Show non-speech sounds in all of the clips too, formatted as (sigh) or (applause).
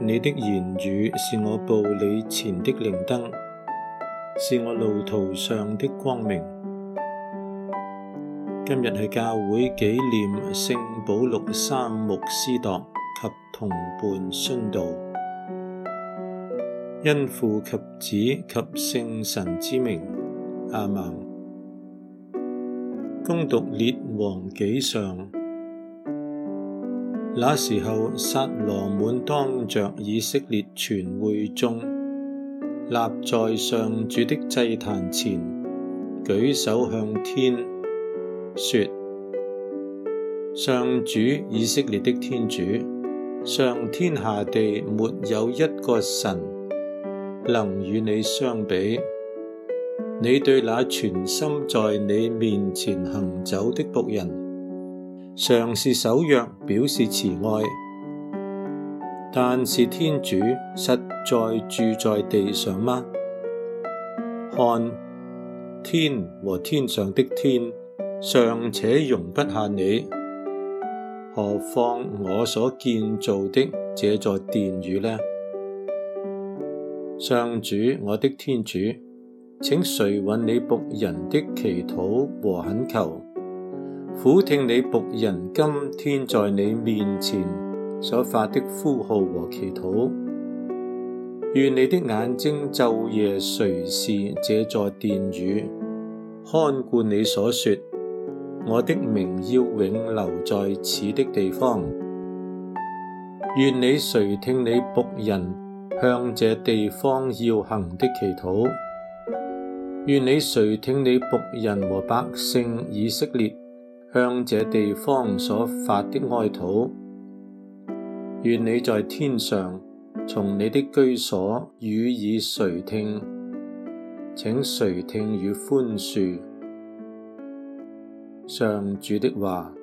你的言語是我步你前的靈燈，是我路途上的光明。今日係教會紀念聖保禄三木司鐸及同伴殉道。因父及子及聖神之名，阿門。恭讀列王紀上。那時候，撒羅滿當着以色列全會眾，立在上主的祭壇前，舉手向天說：上主，以色列的天主，上天下地沒有一個神能與你相比，你對那全心在你面前行走的僕人，常是守約，表示慈愛，但是天主實在住在地上嗎？看，天和天上的天，尚且容不下你，何況我所建造的這座殿宇呢？上主，我的天主，請垂允你僕人的祈禱和懇求。俯聽你僕人今天在你面前所發的呼號和祈禱，願你的眼睛晝夜垂視這座殿宇，看顧你所說：我的名要永留在此的地方。願你垂聽你僕人向這地方要行的祈禱，願你垂聽你僕人和百姓以色列。向這地方所發的哀禱，願你在天上，從你的居所予以垂聽，請垂聽與寬恕。上主的話。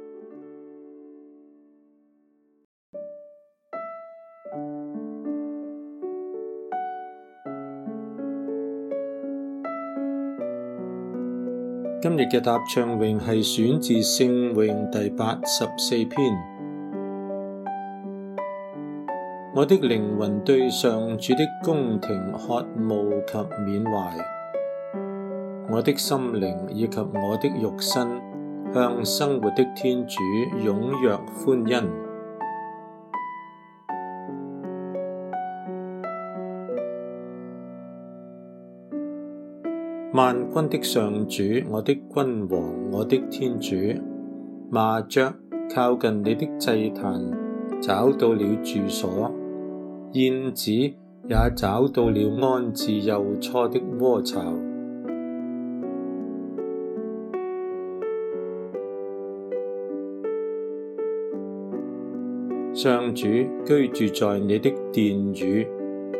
今日嘅答唱詠係選自聖詠第八十四篇。我的靈魂對上主的宮廷渴慕及緬懷，我的心靈以及我的肉身向生活的天主踴躍歡欣。萬軍的上主，我的君王，我的天主，麻雀靠近你的祭壇，找到了住所；燕子也找到了安置幼雛的窩巢。上主居住在你的殿宇，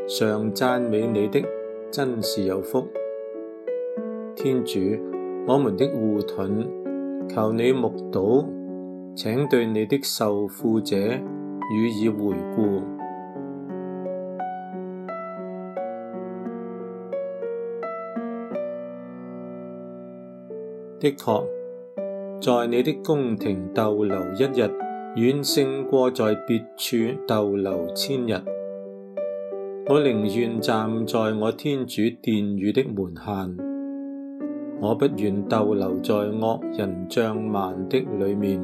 常讚美你的，真是有福！天主，我們的護盾，求你目睹，請對你的受傅者予以回顧。 (noise) 的確，在你的宮庭逗留一日，遠勝過在別處逗留千日。我寧願站在我天主殿宇的門限。我不願逗留在惡人帳幔的裏面。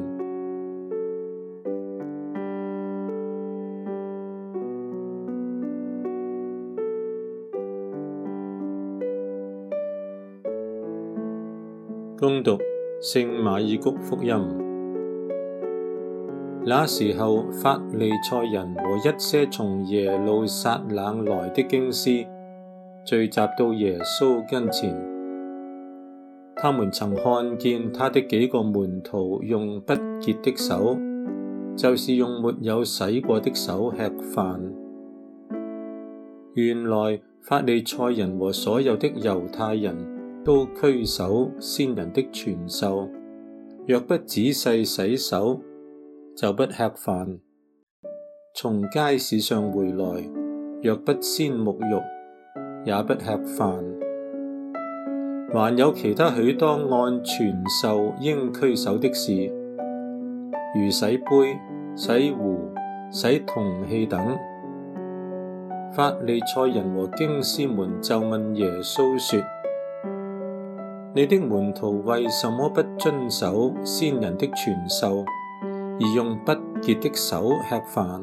恭讀聖馬爾谷福音。那時候，法利賽人和一些從耶路撒冷來的經師聚集到耶穌跟前。他們曾看見他的幾個門徒用不潔的手，就是用沒有洗過的手吃飯。原來法利塞人和所有的猶太人都拘守先人的傳授，若不仔細洗手，就不吃飯；從街市上回來，若不先沐浴，也不吃飯。還有其他許多按傳授應拘守的事，如洗杯、洗壺、洗銅器等。法利賽人和經師們就問耶穌說：你的門徒為什麼不遵守先人的傳授，而用不潔的手吃飯？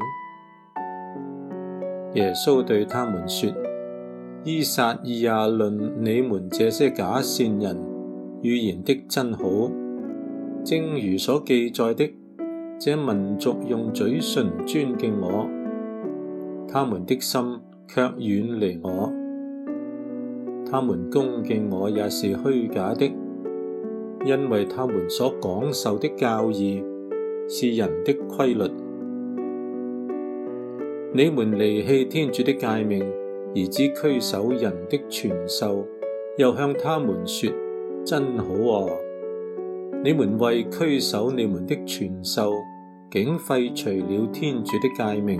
耶穌對他們說。伊撒意亞論你們這些假善人，預言的真好，正如所記載的，這民族用嘴唇尊敬我，他們的心却遠離我，他們恭敬我也是虛假的，因為他們所講授的教義是人的規律，你們離棄天主的誡命。而只拘守人的傳授，又向他們說：真好啊！你們為拘守你們的傳授，竟廢除了天主的誡命。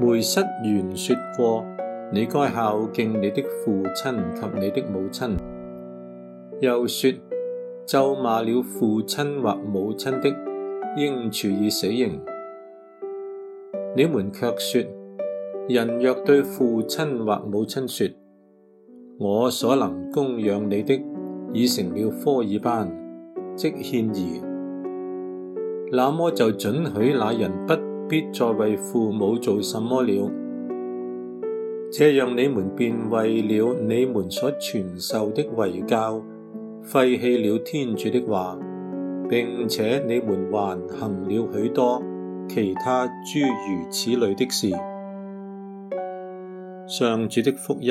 梅瑟原說過：你該孝敬你的父親及你的母親。又說：咒罵了父親或母親的，應處以死刑。你們却說。人若對父親或母親說：我所能供養你的，已成了科爾班，即獻儀，那麽就准許那人不必再為父母做什麼了。這樣你們便為了你們所傳授的遺教，廢棄了天主的話，並且你們還行了許多其他諸如此類的事。上主的福音。